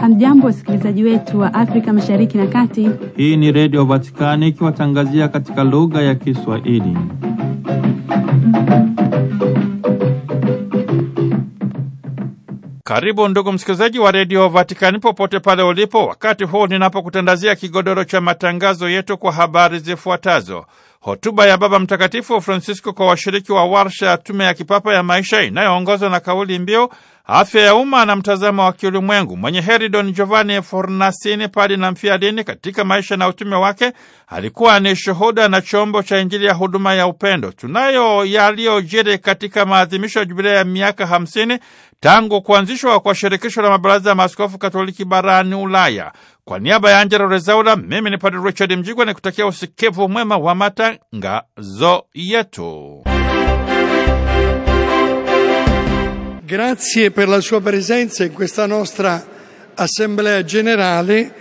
Hamjambo, wasikilizaji wetu wa Afrika Mashariki na Kati. Hii ni Redio Vatikani ikiwatangazia katika lugha ya Kiswahili. Karibu ndugu msikilizaji wa Redio Vatikani popote pale ulipo, wakati huu ninapokutandazia kigodoro cha matangazo yetu kwa habari zifuatazo. Hotuba ya Baba Mtakatifu Francisco kwa washiriki wa warsha ya Tume ya Kipapa ya Maisha inayoongozwa na kauli mbiu afya ya umma na mtazamo wa kiulimwengu. Mwenye heri Don Giovanni Fornasini, padi na mfia dini, katika maisha na utume wake alikuwa ni shuhuda na chombo cha Injili ya huduma ya upendo. Tunayo yaliyojiri katika maadhimisho ya jubilea ya miaka hamsini tangu kuanzishwa kwa shirikisho la mabaraza ya maaskofu katoliki barani Ulaya. Kwa niaba ya Angela Rezaula, mimi ni Padre Richard Mjigwa kutakia usikivu mwema wa matangazo yetu. Grazie per la sua presenza in questa nostra assemblea generale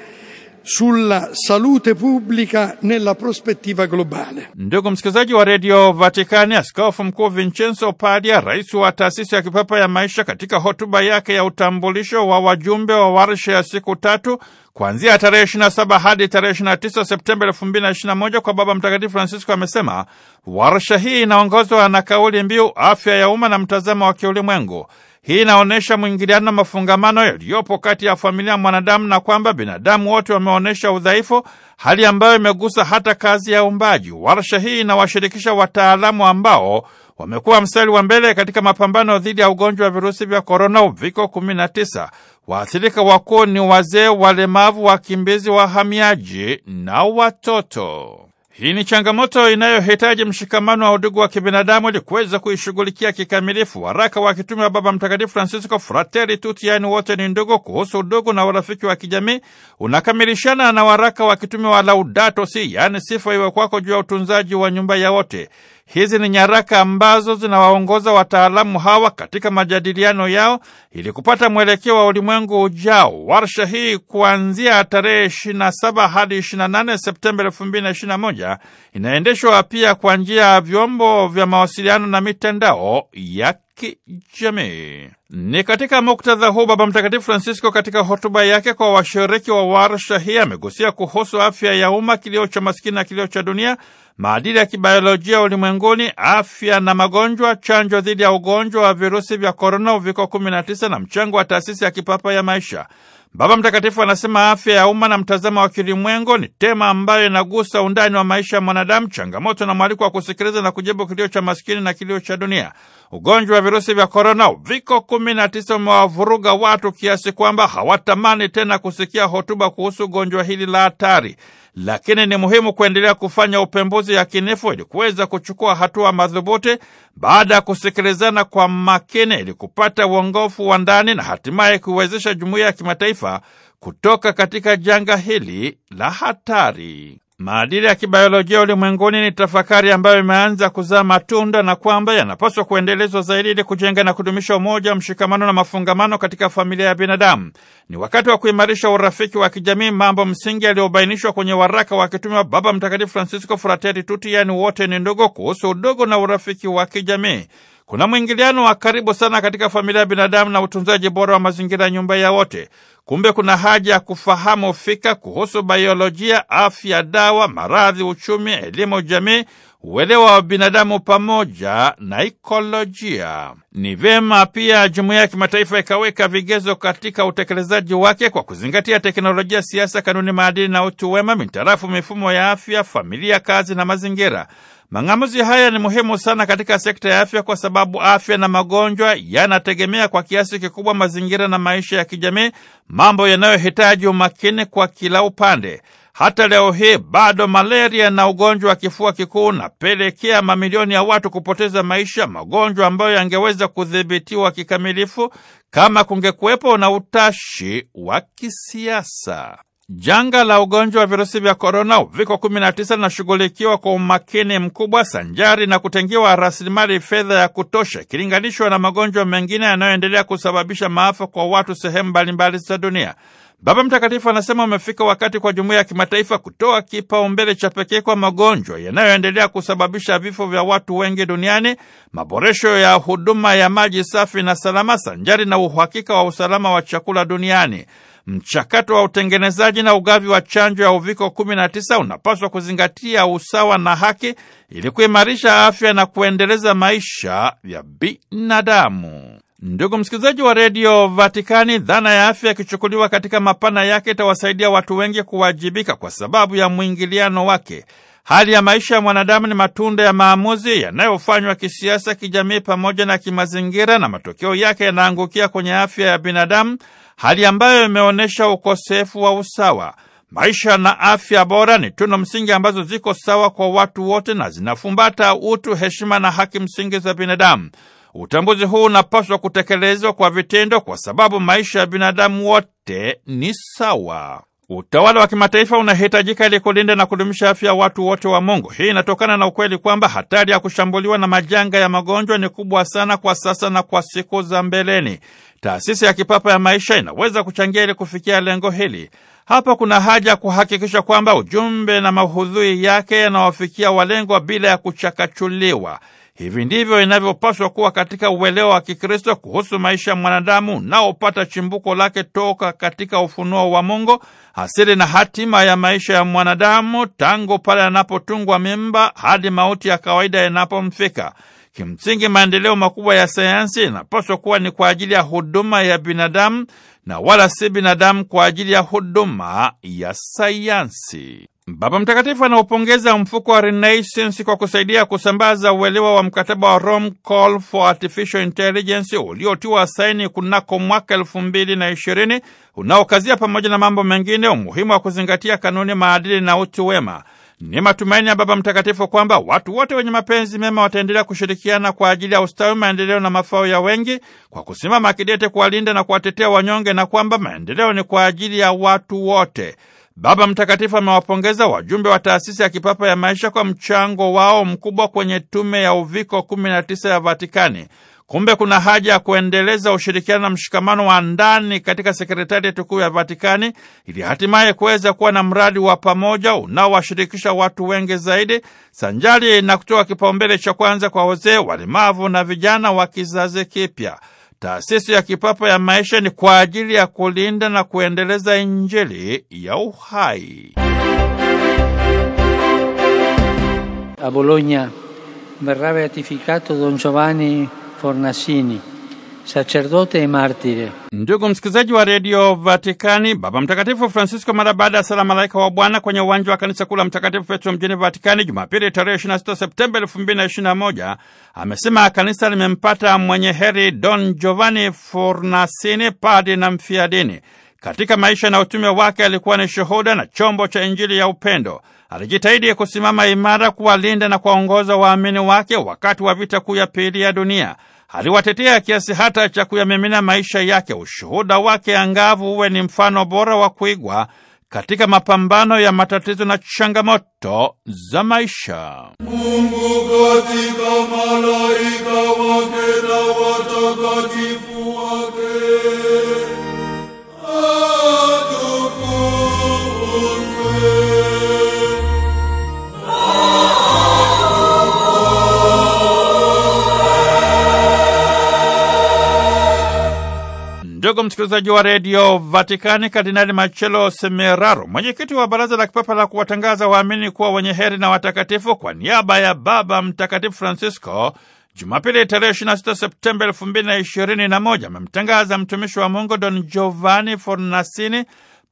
sulla salute pubblica nella prospettiva globale. Ndugu msikilizaji wa redio vaticani askofu mkuu Vincenzo Padia, rais wa taasisi ya kipapa ya maisha, katika hotuba yake ya utambulisho wa wajumbe wa warsha ya siku tatu kuanzia tarehe 27 hadi tarehe 29 Septemba 2021 kwa Baba Mtakatifu Francisco amesema warsha hii inaongozwa na kauli mbiu afya ya umma na mtazamo wa kiulimwengu. Hii inaonyesha mwingiliano na mafungamano yaliyopo kati ya familia ya mwanadamu na kwamba binadamu wote wameonyesha udhaifu, hali ambayo imegusa hata kazi ya uumbaji. Warsha hii inawashirikisha wataalamu ambao wamekuwa mstari wa mbele katika mapambano dhidi ya ugonjwa wa virusi vya korona uviko 19. Waathirika wakuu ni wazee, walemavu, wakimbizi, wahamiaji na watoto. Hii ni changamoto inayohitaji mshikamano wa udugu wa kibinadamu ili kuweza kuishughulikia kikamilifu. Waraka wa kitume wa Baba Mtakatifu Francisco Frateri Tuti, yaani wote ni ndugu, kuhusu udugu na urafiki wa kijamii unakamilishana na waraka wa kitume wa Laudato Si, yaani sifa iwe kwako juu ya utunzaji wa nyumba ya wote. Hizi ni nyaraka ambazo zinawaongoza wataalamu hawa katika majadiliano yao ili kupata mwelekeo wa ulimwengu ujao. Warsha hii kuanzia tarehe 27 hadi 28 Septemba 2021 inaendeshwa pia kwa njia ya vyombo vya mawasiliano na mitandao ya kijamii. Ni katika muktadha huu Baba Mtakatifu Francisco katika hotuba yake kwa washiriki wa warsha hii amegusia kuhusu afya ya umma, kilio cha maskini na kilio cha dunia, maadili ya kibiolojia ulimwenguni, afya na magonjwa, chanjo dhidi ya ugonjwa wa virusi vya korona, uviko 19 na mchango wa taasisi ya kipapa ya maisha. Baba Mtakatifu anasema afya ya umma na mtazamo wa kilimwengo ni tema ambayo inagusa undani wa maisha ya mwanadamu, changamoto na mwaliko wa kusikiliza na kujibu kilio cha maskini na kilio cha dunia. Ugonjwa wa virusi vya korona uviko 19 umewavuruga watu kiasi kwamba hawatamani tena kusikia hotuba kuhusu ugonjwa hili la hatari lakini ni muhimu kuendelea kufanya upembuzi yakinifu ili kuweza kuchukua hatua madhubuti baada ya kusikilizana kwa makini ili kupata uongofu wa ndani na hatimaye kuiwezesha jumuiya ya kimataifa kutoka katika janga hili la hatari. Maadili ya kibayolojia ulimwenguni ni tafakari ambayo imeanza kuzaa matunda na kwamba yanapaswa kuendelezwa zaidi ili kujenga na kudumisha umoja, mshikamano na mafungamano katika familia ya binadamu. Ni wakati wa kuimarisha urafiki wa kijamii, mambo msingi yaliyobainishwa kwenye waraka wa kitume wa Baba Mtakatifu Francisco Fratelli Tutti, yaani wote ni ndugu, kuhusu udugu na urafiki wa kijamii. Kuna mwingiliano wa karibu sana katika familia ya binadamu na utunzaji bora wa mazingira nyumba ya wote. Kumbe kuna haja ya kufahamu fika kuhusu baiolojia, afya, dawa, maradhi, uchumi, elimu, jamii, uelewa wa binadamu pamoja na ikolojia. Ni vema pia jumuiya ya kimataifa ikaweka vigezo katika utekelezaji wake kwa kuzingatia teknolojia, siasa, kanuni, maadili na utu wema, mitarafu mifumo ya afya, familia, kazi na mazingira. Mang'amuzi haya ni muhimu sana katika sekta ya afya kwa sababu afya na magonjwa yanategemea kwa kiasi kikubwa mazingira na maisha ya kijamii, mambo yanayohitaji umakini kwa kila upande. Hata leo hii bado malaria na ugonjwa wa kifua kikuu unapelekea mamilioni ya watu kupoteza maisha, magonjwa ambayo yangeweza kudhibitiwa kikamilifu kama kungekuwepo na utashi wa kisiasa. Janga la ugonjwa wa virusi vya korona uviko 19 linashughulikiwa kwa umakini mkubwa sanjari na kutengiwa rasilimali fedha ya kutosha ikilinganishwa na magonjwa mengine yanayoendelea kusababisha maafa kwa watu sehemu mbalimbali za dunia. Baba Mtakatifu anasema umefika wakati kwa jumuiya ya kimataifa kutoa kipaumbele cha pekee kwa magonjwa yanayoendelea kusababisha vifo vya watu wengi duniani, maboresho ya huduma ya maji safi na salama, sanjari na uhakika wa usalama wa chakula duniani. Mchakato wa utengenezaji na ugavi wa chanjo ya uviko 19 unapaswa kuzingatia usawa na haki ili kuimarisha afya na kuendeleza maisha ya binadamu. Ndugu msikilizaji wa redio Vatikani, dhana ya afya ikichukuliwa katika mapana yake itawasaidia watu wengi kuwajibika kwa sababu ya mwingiliano wake. Hali ya maisha ya mwanadamu ni matunda ya maamuzi yanayofanywa kisiasa, kijamii pamoja na kimazingira, na matokeo yake yanaangukia kwenye afya ya binadamu, hali ambayo imeonyesha ukosefu wa usawa. Maisha na afya bora ni tuno msingi ambazo ziko sawa kwa watu wote na zinafumbata utu, heshima na haki msingi za binadamu. Utambuzi huu unapaswa kutekelezwa kwa vitendo, kwa sababu maisha ya binadamu wote ni sawa. Utawala wa kimataifa unahitajika ili kulinda na kudumisha afya ya watu wote wa Mungu. Hii inatokana na ukweli kwamba hatari ya kushambuliwa na majanga ya magonjwa ni kubwa sana kwa sasa na kwa siku za mbeleni. Taasisi ya kipapa ya maisha inaweza kuchangia ili kufikia lengo hili. Hapa kuna haja ya kuhakikisha kwamba ujumbe na mahudhui yake yanawafikia walengwa bila ya kuchakachuliwa. Hivi ndivyo inavyopaswa kuwa katika uelewa wa Kikristo kuhusu maisha ya mwanadamu unaopata chimbuko lake toka katika ufunuo wa Mungu, asili na hatima ya maisha ya mwanadamu tangu pale anapotungwa mimba hadi mauti ya kawaida yanapomfika. Kimsingi, maendeleo makubwa ya sayansi inapaswa kuwa ni kwa ajili ya huduma ya binadamu na wala si binadamu kwa ajili ya huduma ya sayansi. Baba Mtakatifu anaupongeza mfuko wa Renaissance kwa kusaidia kusambaza uelewa wa mkataba wa Rome Call for Artificial Intelligence uliotiwa saini kunako mwaka elfu mbili na ishirini unaokazia pamoja na mambo mengine umuhimu wa kuzingatia kanuni, maadili na utu wema. Ni matumaini ya Baba Mtakatifu kwamba watu wote wenye mapenzi mema wataendelea kushirikiana kwa ajili ya ustawi, maendeleo na mafao ya wengi kwa kusimama kidete kuwalinda na kuwatetea wanyonge, na kwamba maendeleo ni kwa ajili ya watu wote. Baba Mtakatifu amewapongeza wajumbe wa taasisi ya kipapa ya maisha kwa mchango wao mkubwa kwenye tume ya uviko 19 ya Vatikani. Kumbe kuna haja ya kuendeleza ushirikiano na mshikamano wa ndani katika sekretarieti kuu ya Vatikani ili hatimaye kuweza kuwa na mradi wa pamoja unaowashirikisha watu wengi zaidi, sanjari na kutoa kipaumbele cha kwanza kwa wazee, walemavu na vijana wa kizazi kipya. Taasisi ya kipapa ya maisha ni kwa ajili ya kulinda na kuendeleza Injili ya uhai. A Bologna verrà beatificato Don Giovanni Fornasini sacerdote martire. Ndugu msikilizaji wa redio Vatikani, Baba Mtakatifu Francisco mara baada ya sala malaika wa Bwana kwenye uwanja wa kanisa kuu la Mtakatifu Petro mjini Vatikani Jumapili tarehe 26 Septemba 2021 amesema kanisa limempata mwenye heri Don Giovanni Fornasini, padi na mfiadini. Katika maisha na utume wake alikuwa ni shuhuda na chombo cha Injili ya upendo. Alijitahidi kusimama imara, kuwalinda na kuwaongoza waamini wake wakati wa vita kuu ya pili ya dunia aliwatetea kiasi hata cha kuyamimina maisha yake. Ushuhuda wake angavu uwe ni mfano bora wa kuigwa katika mapambano ya matatizo na changamoto za maisha. Mungu katika malaika wake na watakatifu Ndugu msikilizaji wa redio Vatikani, Kardinali Marcello Semeraro, mwenyekiti wa baraza la kipapa la kuwatangaza waamini kuwa wenye heri na watakatifu, kwa niaba ya Baba Mtakatifu Francisco, Jumapili tarehe 26 Septemba 2021 amemtangaza mtumishi wa Mungu Don Giovanni Fornasini,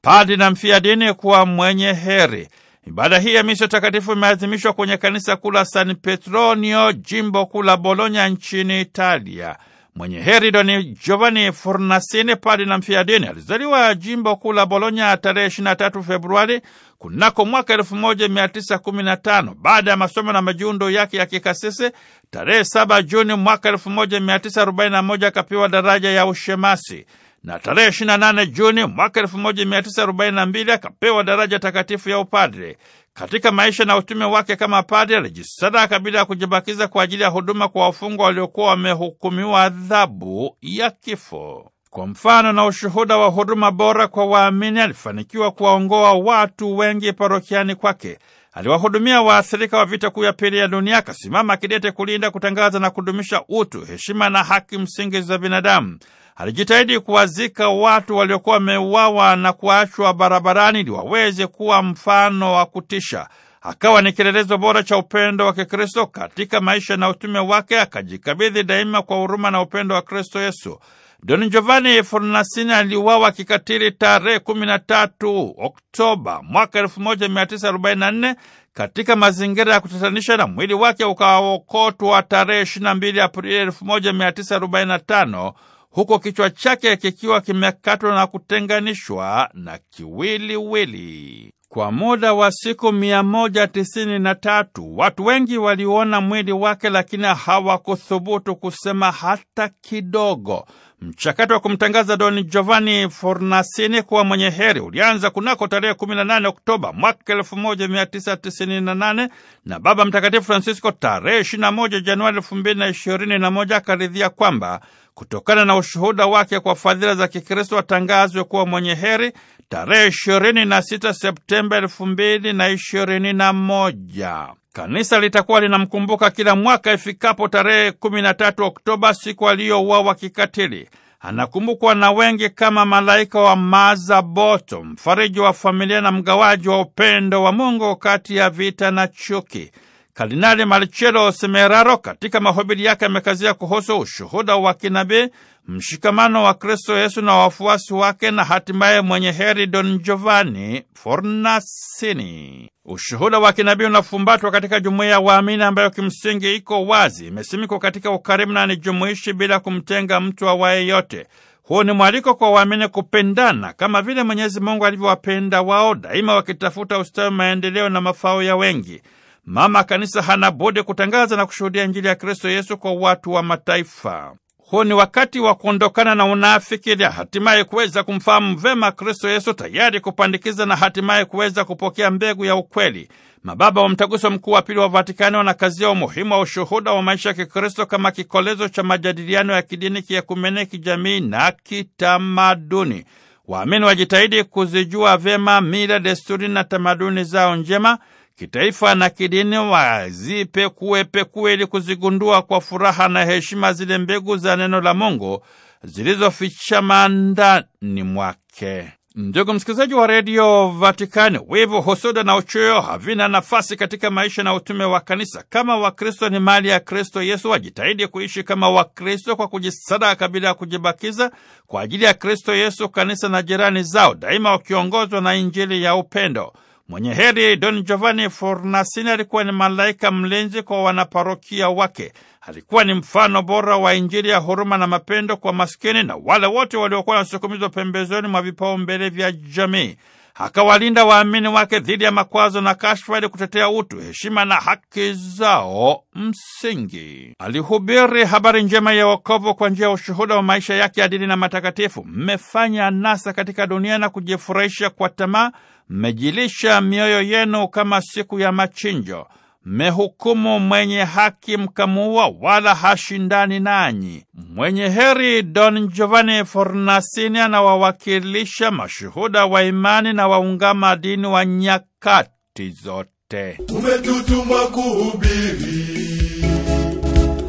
padi na dini kuwa mwenye heri. Ibada hii ya misa takatifu imeadhimishwa kwenye kanisa kuu la San Petronio, jimbo kuu la Bologna nchini Italia. Mwenye heri Doni Giovanni Fornasini, padi na mfiadini, alizaliwa jimbo kuu la Bologna tarehe 23 Februari kunako mwaka 1915. Baada ya masomo na majiundo yake ya kikasisi, tarehe 7 Juni mwaka 1941 akapewa daraja ya ushemasi na tarehe 28 Juni mwaka 1942 akapewa daraja takatifu ya upadre. Katika maisha na utume wake kama padre, alijisadaka bila ya kujibakiza kwa ajili ya huduma kwa wafungwa waliokuwa wamehukumiwa adhabu ya kifo. Kwa mfano na ushuhuda wa huduma bora kwa waamini, alifanikiwa kuwaongoa watu wengi parokiani kwake. Aliwahudumia waathirika wa vita kuu ya pili ya dunia, akasimama kidete kulinda, kutangaza na kudumisha utu, heshima na haki msingi za binadamu alijitahidi kuwazika watu waliokuwa wameuawa na kuachwa barabarani ili waweze kuwa mfano wa kutisha. Akawa ni kielelezo bora cha upendo wa Kikristo katika maisha na utume wake, akajikabidhi daima kwa huruma na upendo wa Kristo Yesu. Don Giovanni Fornasini aliuawa kikatili tarehe 13 Oktoba mwaka 1944 katika mazingira ya kutatanisha na mwili wake ukaokotwa tarehe 22 Aprili 1945 huku kichwa chake kikiwa kimekatwa na kutenganishwa na kiwiliwili. Kwa muda wa siku mia moja tisini na tatu watu wengi waliona mwili wake, lakini hawakuthubutu kusema hata kidogo. Mchakato wa kumtangaza Don Giovanni Fornasini kuwa mwenye heri ulianza kunako tarehe 18 Oktoba mwaka 1998 na Baba Mtakatifu Francisco tarehe 21 Januari 2021 akaridhia kwamba kutokana na ushuhuda wake kwa fadhila za Kikristo atangazwe kuwa mwenye heri tarehe 26 Septemba 2021. Kanisa litakuwa linamkumbuka kila mwaka ifikapo tarehe 13 Oktoba, siku aliyouawa kikatili. Anakumbukwa na wengi kama malaika wa maza boto mfariji wa familia na mgawaji wa upendo wa Mungu kati ya vita na chuki. Kardinali Marcello Semeraro katika mahubiri yake amekazia kuhusu ushuhuda wa kinabii, mshikamano wa Kristo Yesu na wafuasi wake, na hatimaye mwenye heri Don Giovanni Fornasini. Ushuhuda wa kinabii unafumbatwa katika jumuiya ya waamini ambayo kimsingi iko wazi, imesimikwa katika ukarimu na ni jumuishi bila kumtenga mtu awaye yote. Huu ni mwaliko kwa waamini kupendana kama vile Mwenyezi Mungu alivyowapenda wao, daima wakitafuta ustawi, maendeleo na mafao ya wengi. Mama Kanisa hana budi kutangaza na kushuhudia Injili ya Kristo Yesu kwa watu wa mataifa. Huu ni wakati wa kuondokana na unafiki ili hatimaye kuweza kumfahamu vema Kristo Yesu, tayari kupandikiza na hatimaye kuweza kupokea mbegu ya ukweli. Mababa wa Mtaguso Mkuu wa Pili wa Vatikani wanakazia umuhimu wa ushuhuda wa maisha ya Kikristo kama kikolezo cha majadiliano ya kidini, kiekumene, kijamii na kitamaduni. Waamini wajitahidi kuzijua vyema mila, desturi na tamaduni zao njema kitaifa na kidini, wazipekuepekue ili kuzigundua kwa furaha na heshima zile mbegu za neno la Mungu zilizofichama ndani mwake. Ndugu msikilizaji wa redio Vatikani, wivu, husuda na uchoyo havina nafasi katika maisha na utume wa kanisa. Kama Wakristo ni mali ya Kristo Yesu, wajitahidi kuishi kama Wakristo kwa kujisadaka bila ya kujibakiza kwa ajili ya Kristo Yesu, kanisa na jirani zao, daima wakiongozwa na Injili ya upendo. Mwenye heri Don Giovanni Fornasini alikuwa ni malaika mlinzi kwa wanaparokia wake. Alikuwa ni mfano bora wa Injili ya huruma na mapendo kwa maskini na wale wote waliokuwa wanasukumizwa pembezoni mwa vipaumbele vya jamii akawalinda waamini wake dhidi ya makwazo na kashfa ili kutetea utu, heshima na haki zao msingi. Alihubiri habari njema ya wokovu kwa njia ya ushuhuda wa maisha yake adili na matakatifu. Mmefanya nasa katika dunia na kujifurahisha kwa tamaa, mmejilisha mioyo yenu kama siku ya machinjo mmehukumu mwenye haki mkamuua, wala hashindani nanyi. Mwenye heri Don Giovanni Fornasini anawawakilisha mashuhuda wa imani na waungama dini wa nyakati zote. Umetutuma kuhubiri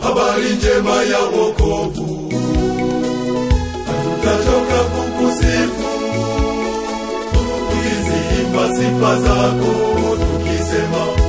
habari njema ya wokovu, hatutachoka kukusifu tukiziimba sifa zako tukisema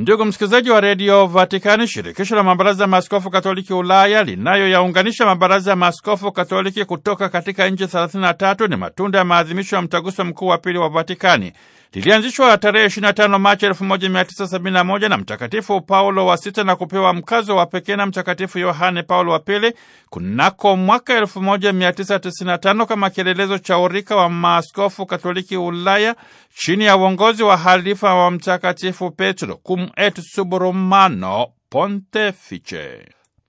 Ndugu msikilizaji wa redio Vatikani, shirikisho la mabaraza ya maaskofu katoliki Ulaya linayoyaunganisha mabaraza ya maaskofu katoliki kutoka katika nchi 33 ni matunda ya maadhimisho ya mtaguso mkuu wa pili wa Vatikani lilianzishwa tarehe 25 Machi 1971 na Mtakatifu Paulo wa Sita na kupewa mkazo wa pekee na Mtakatifu Yohane Paulo wa Pili kunako mwaka 1995 kama kielelezo cha urika wa maaskofu Katoliki Ulaya chini ya uongozi wa halifa wa Mtakatifu Petro, Cum et sub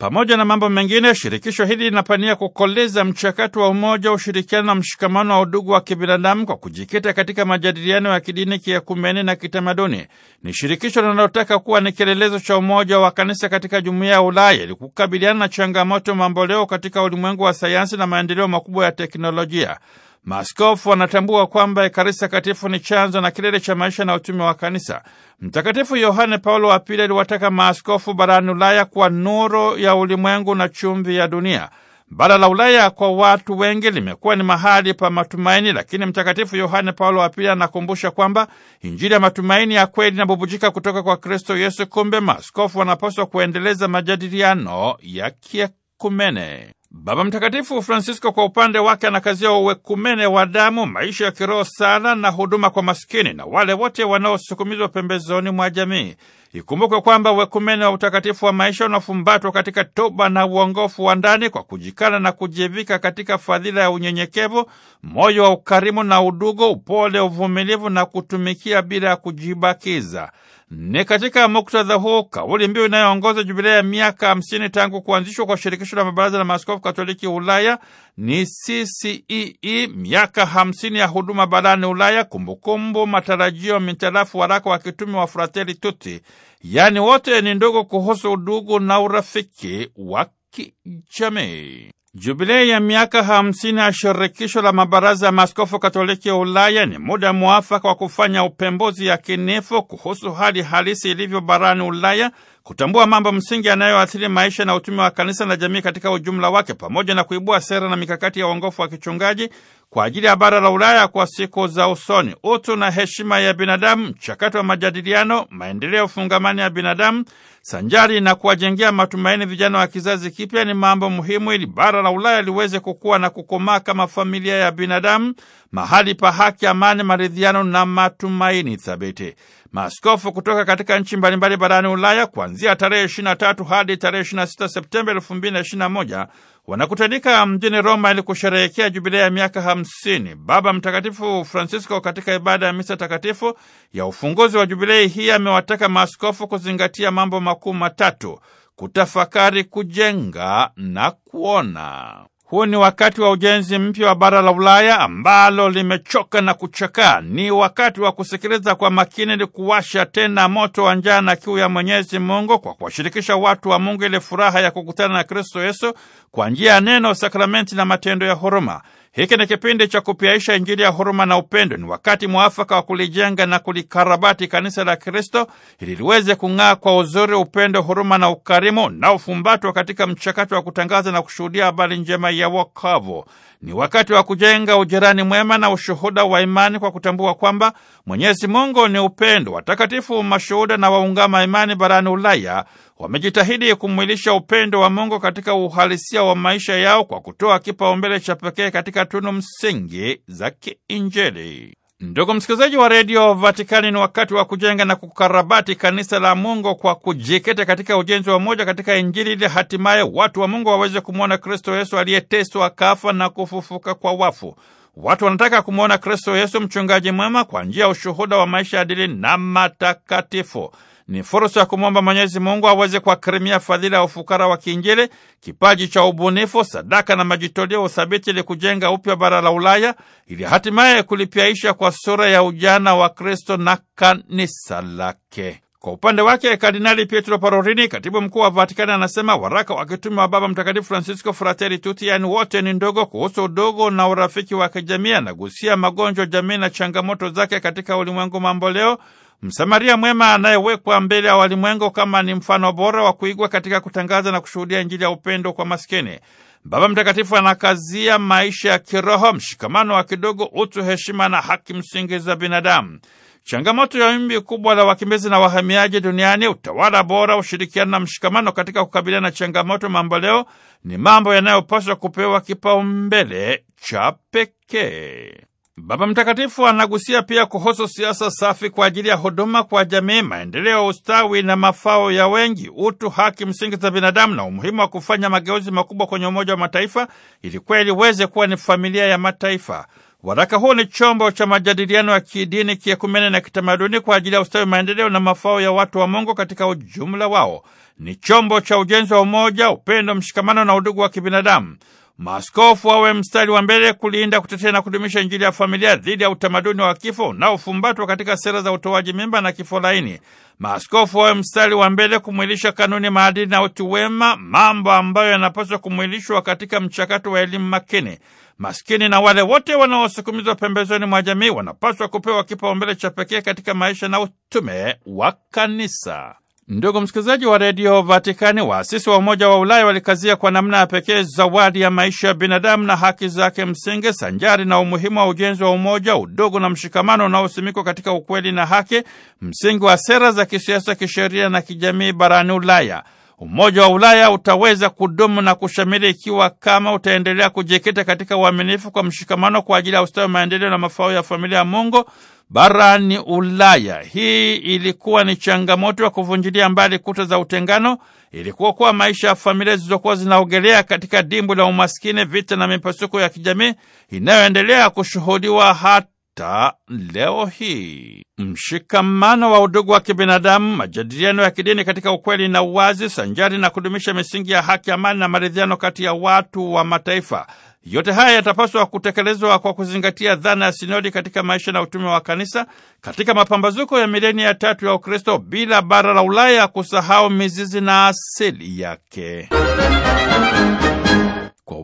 pamoja na mambo mengine, shirikisho hili linapania kukoleza mchakato wa umoja, ushirikiano na mshikamano wa udugu wa kibinadamu kwa kujikita katika majadiliano ya kidini, kiekumeni na kitamaduni. Ni shirikisho linalotaka kuwa ni kielelezo cha umoja wa kanisa katika jumuiya ya Ulaya ili kukabiliana na changamoto mamboleo katika ulimwengu wa sayansi na maendeleo makubwa ya teknolojia. Maaskofu wanatambua kwamba Ekaristi Takatifu ni chanzo na kilele cha maisha na utume wa Kanisa. Mtakatifu Yohane Paulo wa Pili aliwataka maaskofu barani Ulaya kuwa nuru ya ulimwengu na chumvi ya dunia. Bara la Ulaya kwa watu wengi limekuwa ni mahali pa matumaini, lakini Mtakatifu Yohane Paulo wa Pili anakumbusha kwamba Injili ya matumaini ya kweli inabubujika kutoka kwa Kristo Yesu. Kumbe maaskofu wanapaswa kuendeleza majadiliano ya kiekumene. Baba Mtakatifu Francisco kwa upande wake anakazia uwekumene wa damu, maisha ya kiroho sana na huduma kwa maskini na wale wote wanaosukumizwa pembezoni mwa jamii. Ikumbukwe kwamba uwekumene wa utakatifu wa maisha unafumbatwa katika toba na uongofu wa ndani kwa kujikana na kujivika katika fadhila ya unyenyekevu, moyo wa ukarimu na udugu, upole, uvumilivu na kutumikia bila ya kujibakiza. Ni katika muktadha huu kauli mbiu inayoongoza jubilea ya miaka hamsini tangu kuanzishwa kwa shirikisho la mabaraza la maaskofu katoliki Ulaya ni CCEE, e, miaka hamsini ya huduma barani Ulaya, kumbukumbu, matarajio, mintarafu waraka wa kitume wa Fratelli Tutti, yaani wote ni ndugu, kuhusu udugu na urafiki wa kijamii. Jubilei ya miaka hamsini ya shirikisho la mabaraza ya maaskofu katoliki ya Ulaya ni muda mwafaka wa kufanya upembuzi yakinifu kuhusu hali halisi ilivyo barani Ulaya kutambua mambo msingi yanayoathiri maisha na utumi wa kanisa na jamii katika ujumla wake, pamoja na kuibua sera na mikakati ya uongofu wa kichungaji kwa ajili ya bara la Ulaya kwa siku za usoni. Utu na heshima ya binadamu, mchakato wa majadiliano, maendeleo fungamani ya binadamu sanjari na kuwajengea matumaini vijana wa kizazi kipya ni mambo muhimu, ili bara la Ulaya liweze kukua na kukomaa kama familia ya binadamu, mahali pa haki, amani, maridhiano na matumaini thabiti. Maaskofu kutoka katika nchi mbalimbali barani Ulaya kwa kuanzia tarehe 23 hadi tarehe 26 Septemba 2021 wanakutanika mjini Roma ili kusherehekea jubilea ya miaka 50 Baba Mtakatifu Francisco katika ibada ya misa takatifu ya ufunguzi wa jubilei hii amewataka maaskofu kuzingatia mambo makuu matatu: kutafakari, kujenga na kuona. Huu ni wakati wa ujenzi mpya wa bara la Ulaya ambalo limechoka na kuchakaa. Ni wakati wa kusikiliza kwa makini ili kuwasha tena moto wa njaa na kiu ya Mwenyezi Mungu kwa kuwashirikisha watu wa Mungu ile furaha ya kukutana na Kristo Yesu kwa njia ya neno, sakramenti na matendo ya huruma. Hiki ni kipindi cha kupiaisha Injili ya huruma na upendo. Ni wakati mwafaka wa kulijenga na kulikarabati kanisa la Kristo ili liweze kung'aa kwa uzuri, upendo, huruma na ukarimu na ufumbatwa katika mchakato wa kutangaza na kushuhudia habari njema ya wokovu. Ni wakati wa kujenga ujirani mwema na ushuhuda wa imani kwa kutambua kwamba Mwenyezi Mungu ni upendo. Watakatifu, mashuhuda na waungama imani barani Ulaya wamejitahidi kumwilisha upendo wa Mungu katika uhalisia wa maisha yao kwa kutoa kipaumbele cha pekee katika tunu msingi za kiinjili. Ndugu msikilizaji wa redio Vatikani, ni wakati wa kujenga na kukarabati kanisa la Mungu kwa kujikita katika ujenzi wa umoja katika Injili ili hatimaye watu wa Mungu waweze kumwona Kristo Yesu aliyeteswa, kafa na kufufuka kwa wafu. Watu wanataka kumwona Kristo Yesu mchungaji mwema kwa njia ya ushuhuda wa maisha adili na matakatifu ni fursa ya kumwomba Mwenyezi Mungu aweze kuakirimia fadhila ya ufukara wa kiinjili, kipaji cha ubunifu, sadaka na majitoleo uthabiti, ili kujenga upya bara la Ulaya, ili hatimaye kulipyaisha kwa sura ya ujana wa Kristo na kanisa lake. Kwa upande wake Kardinali Pietro Parolin, katibu mkuu wa Vatikani, anasema waraka wa kitume wa Baba Mtakatifu Francisco Fratelli Tutti, yaani wote ni ndogo, kuhusu udogo na urafiki wa kijamii, anagusia magonjwa jamii na changamoto zake katika ulimwengu mamboleo Msamaria mwema anayewekwa mbele ya walimwengu kama ni mfano bora wa kuigwa katika kutangaza na kushuhudia Injili ya upendo kwa maskini. Baba Mtakatifu anakazia maisha ya kiroho, mshikamano wa kidogo, utu, heshima na haki msingi za binadamu. Changamoto ya wimbi kubwa la wakimbizi na wahamiaji duniani, utawala bora, ushirikiano na mshikamano katika kukabiliana na changamoto mamboleo ni mambo yanayopaswa kupewa kipaumbele cha pekee. Baba Mtakatifu anagusia pia kuhusu siasa safi kwa ajili ya huduma kwa jamii, maendeleo, ustawi na mafao ya wengi, utu, haki msingi za binadamu na umuhimu wa kufanya mageuzi makubwa kwenye Umoja wa Mataifa ili kweli uweze kuwa ni familia ya mataifa. Waraka huu ni chombo cha majadiliano ya kidini, kiekumene na kitamaduni kwa ajili ya ustawi, maendeleo na mafao ya watu wa Mungu katika ujumla wao. Ni chombo cha ujenzi wa umoja, upendo, mshikamano na udugu wa kibinadamu. Maaskofu wawe mstari wa mbele kulinda, kutetea na kudumisha Injili ya familia dhidi ya utamaduni wa kifo unaofumbatwa katika sera za utoaji mimba na kifo laini. Maaskofu wawe mstari wa mbele kumwilisha kanuni, maadili na utu wema, mambo ambayo yanapaswa kumwilishwa katika mchakato wa elimu makini. Maskini na wale wote wanaosukumizwa pembezoni mwa jamii wanapaswa kupewa kipaumbele cha pekee katika maisha na utume wa Kanisa. Ndugu msikilizaji wa redio Vatikani, waasisi wa Umoja wa Ulaya walikazia kwa namna ya pekee zawadi ya maisha ya binadamu na haki zake msingi, sanjari na umuhimu wa ujenzi wa umoja, udugu na mshikamano unaosimikwa katika ukweli na haki, msingi wa sera za kisiasa, kisheria na kijamii barani Ulaya. Umoja wa Ulaya utaweza kudumu na kushamili ikiwa kama utaendelea kujikita katika uaminifu kwa mshikamano kwa ajili ya ustawi, maendeleo na mafao ya familia ya Mungu barani Ulaya. Hii ilikuwa ni changamoto ya kuvunjilia mbali kuta za utengano, ilikuwa kuwa maisha ya familia zilizokuwa zinaogelea katika dimbwi la umaskini, vita na mipasuko ya kijamii inayoendelea kushuhudiwa hata leo hii. Mshikamano wa udugu wa kibinadamu, majadiliano ya kidini katika ukweli na uwazi, sanjari na kudumisha misingi ya haki, amani na maridhiano kati ya watu wa mataifa yote haya yatapaswa kutekelezwa kwa kuzingatia dhana ya sinodi katika maisha na utume wa kanisa katika mapambazuko ya milenia ya tatu ya Ukristo bila bara la Ulaya kusahau mizizi na asili yake.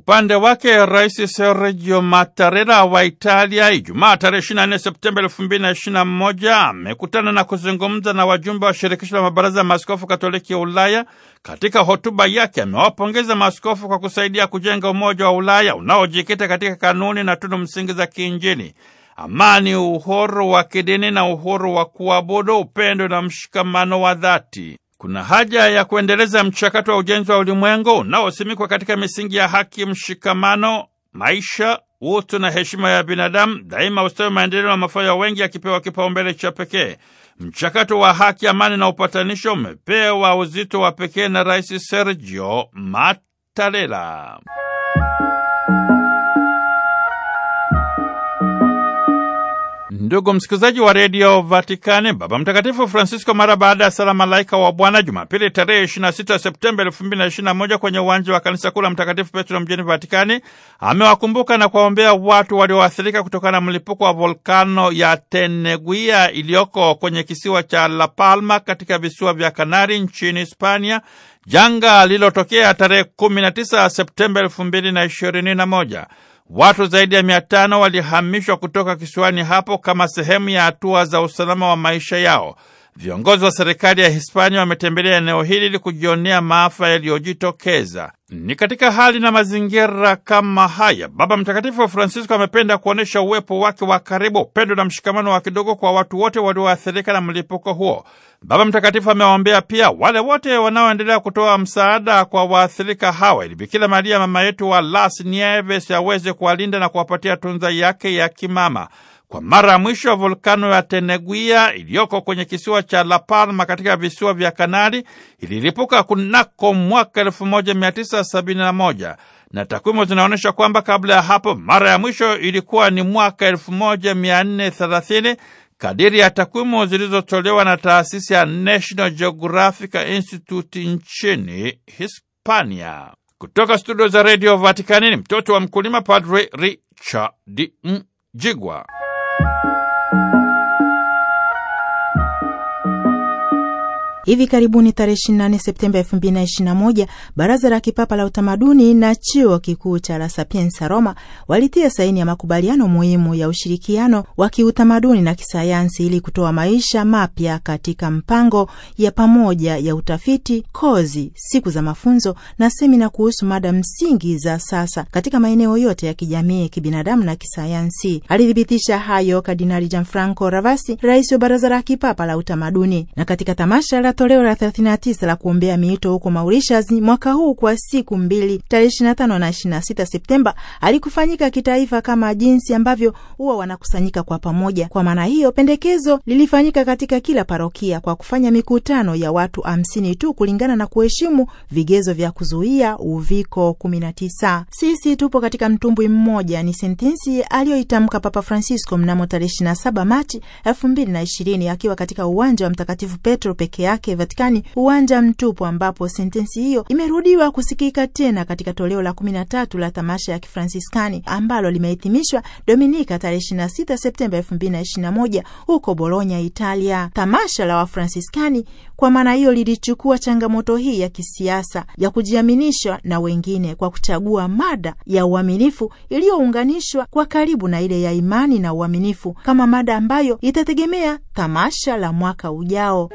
Upande wake Rais Sergio Mattarella wa Italia Ijumaa tarehe 24 Septemba 2021 amekutana na kuzungumza na wajumbe wa shirikisho la mabaraza ya maaskofu Katoliki ya Ulaya. Katika hotuba yake amewapongeza maaskofu kwa kusaidia kujenga umoja wa Ulaya unaojikita katika kanuni na tunu msingi za kiinjili: amani, uhuru wa kidini na uhuru wa kuabudu, upendo na mshikamano wa dhati. Kuna haja ya kuendeleza mchakato wa ujenzi wa ulimwengu unaosimikwa katika misingi ya haki, mshikamano, maisha, utu na heshima ya binadamu, daima ustawi, maendeleo na mafao ya wengi yakipewa kipaumbele cha pekee. Mchakato wa haki, amani na upatanisho umepewa uzito wa pekee na Rais Sergio Mattarella. Ndugu msikilizaji wa redio Vatikani, Baba Mtakatifu Francisco mara baada ya sala malaika wa Bwana Jumapili tarehe 26 Septemba 2021 kwenye uwanja wa kanisa kuu la Mtakatifu Petro mjini Vatikani amewakumbuka na kuwaombea watu walioathirika kutokana na mlipuko wa volkano ya Teneguia iliyoko kwenye kisiwa cha La Palma katika visiwa vya Kanari nchini Hispania, janga lililotokea tarehe 19 Septemba 2021. Watu zaidi ya mia tano walihamishwa kutoka kisiwani hapo kama sehemu ya hatua za usalama wa maisha yao. Viongozi wa serikali ya Hispania wametembelea eneo hili ili kujionea maafa yaliyojitokeza. Ni katika hali na mazingira kama haya, Baba Mtakatifu wa Francisco amependa kuonyesha uwepo wake wa karibu, upendo na mshikamano wa kidogo kwa watu wote walioathirika na mlipuko huo. Baba Mtakatifu amewaombea pia wale wote wanaoendelea kutoa msaada kwa waathirika hawa, ili Bikira Maria mama yetu wa Las Nieves aweze kuwalinda na kuwapatia tunza yake ya kimama. Kwa mara ya mwisho volkano ya Teneguia iliyoko kwenye kisiwa cha La Palma katika visiwa vya Kanari ililipuka kunako mwaka 1971 na takwimu zinaonyesha kwamba kabla ya hapo mara ya mwisho ilikuwa ni mwaka 1430 kadiri ya takwimu zilizotolewa na taasisi ya National Geographic Institute nchini Hispania. Kutoka studio za redio Vatikani ni mtoto wa mkulima Padre Richard Mjigwa. Hivi karibuni tarehe 28 Septemba 2021 baraza la kipapa la utamaduni na chuo kikuu cha La Sapienza Roma walitia saini ya makubaliano muhimu ya ushirikiano wa kiutamaduni na kisayansi ili kutoa maisha mapya katika mpango ya pamoja ya utafiti, kozi, siku za mafunzo na semina kuhusu mada msingi za sasa katika maeneo yote ya kijamii, kibinadamu na kisayansi. Alithibitisha hayo Kardinali Gianfranco Ravasi, rais wa baraza la kipapa la utamaduni, na katika tamasha la toleo la 39 la kuombea miito huko Mauritius mwaka huu kwa siku mbili, tarehe 25 na 26 Septemba, alikufanyika kitaifa kama jinsi ambavyo huwa wanakusanyika kwa pamoja. Kwa maana hiyo, pendekezo lilifanyika katika kila parokia kwa kufanya mikutano ya watu 50 tu kulingana na kuheshimu vigezo vya kuzuia uviko 19. Sisi tupo katika mtumbwi mmoja, ni sentensi aliyoitamka Papa Francisco mnamo tarehe 27 Machi 2020 akiwa katika uwanja wa Mtakatifu Petro peke yake yake Vatikani uwanja mtupu, ambapo sentensi hiyo imerudiwa kusikika tena katika toleo la 13 la tamasha ya Kifransiskani ambalo limehithimishwa Dominika tarehe 26 Septemba 2021 huko Bologna, Italia. Tamasha la Wafransiskani kwa maana hiyo lilichukua changamoto hii ya kisiasa ya kujiaminisha na wengine kwa kuchagua mada ya uaminifu iliyounganishwa kwa karibu na ile ya imani na uaminifu kama mada ambayo itategemea tamasha la mwaka ujao.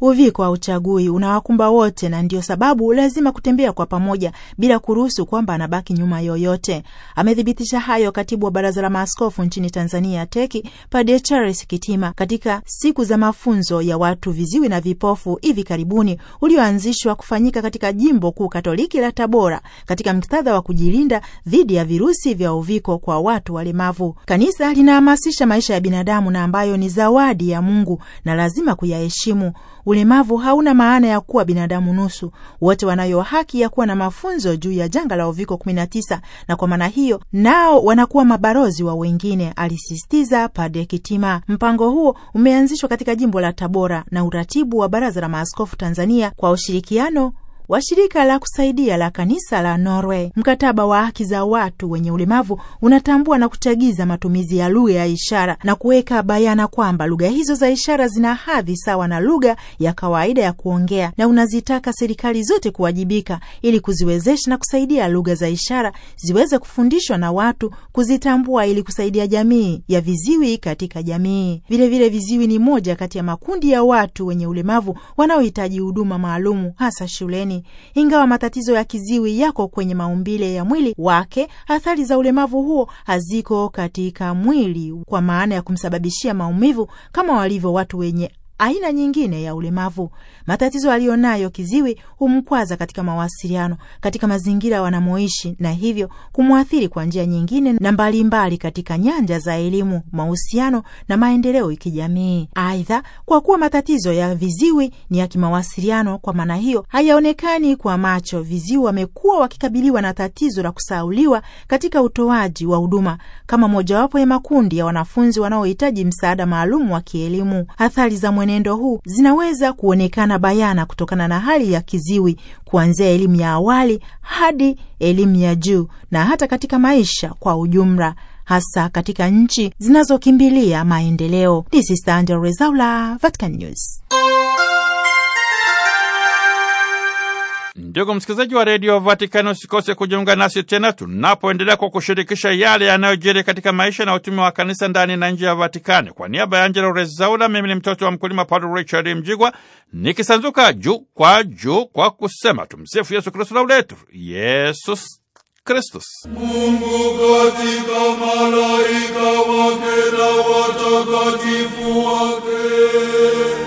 Uviko uchagui unawakumba wote, na ndiyo sababu lazima kutembea kwa pamoja bila kuruhusu kwamba anabaki nyuma yoyote. Amethibitisha hayo katibu wa baraza la maaskofu nchini Tanzania teki Padre Charles Kitima katika siku za mafunzo ya watu viziwi na vipofu hivi karibuni ulioanzishwa kufanyika katika jimbo kuu katoliki la Tabora katika mktadha wa kujilinda dhidi ya virusi vya uviko kwa watu walemavu. Kanisa linahamasisha maisha ya binadamu na ambayo ni zawadi ya Mungu na lazima kuyaheshimu. Ulemavu hauna maana ya kuwa binadamu nusu. Wote wanayo haki ya kuwa na mafunzo juu ya janga la uviko 19 na kwa maana hiyo nao wanakuwa mabalozi wa wengine, alisisitiza Padre Kitima. Mpango huo umeanzishwa katika jimbo la Tabora na uratibu wa Baraza la Maaskofu Tanzania kwa ushirikiano wa shirika la kusaidia la kanisa la Norway. Mkataba wa haki za watu wenye ulemavu unatambua na kuchagiza matumizi ya lugha ya ishara na kuweka bayana kwamba lugha hizo za ishara zina hadhi sawa na lugha ya kawaida ya kuongea, na unazitaka serikali zote kuwajibika ili kuziwezesha na kusaidia lugha za ishara ziweze kufundishwa na watu kuzitambua ili kusaidia jamii ya viziwi katika jamii. Vilevile, viziwi ni moja kati ya makundi ya watu wenye ulemavu wanaohitaji huduma maalumu hasa shuleni mwilini. Ingawa matatizo ya kiziwi yako kwenye maumbile ya mwili wake, athari za ulemavu huo haziko katika mwili, kwa maana ya kumsababishia maumivu kama walivyo watu wenye aina nyingine ya ulemavu. Matatizo aliyonayo kiziwi humkwaza katika mawasiliano, katika mazingira wanamoishi, na hivyo kumwathiri kwa njia nyingine na mbalimbali mbali katika nyanja za elimu, mahusiano na maendeleo kijamii. Aidha, kwa kuwa matatizo ya viziwi ni ya kimawasiliano, kwa maana hiyo hayaonekani kwa macho, viziwi wamekuwa wakikabiliwa na tatizo la kusauliwa katika utoaji wa huduma kama mojawapo ya makundi ya wanafunzi wanaohitaji msaada maalum wa kielimu. Athari za mwenendo huu zinaweza kuonekana bayana kutokana na hali ya kiziwi kuanzia elimu ya awali hadi elimu ya juu na hata katika maisha kwa ujumla, hasa katika nchi zinazokimbilia maendeleo. This is Vatican News. Ndugu msikilizaji wa redio Vatikani, usikose kujiunga nasi tena tunapoendelea kwa kushirikisha yale yanayojiri katika maisha na utumi wa kanisa ndani na nje ya Vatikani. Kwa niaba ya Angela Rezaula, mimi ni mtoto wa mkulima Padre Richard Mjigwa nikisanzuka juu kwa juu kwa kusema tumsifu Yesu Kristu, lauletu Yesus Kristus. Mungu katika malaika wake na watakatifu wake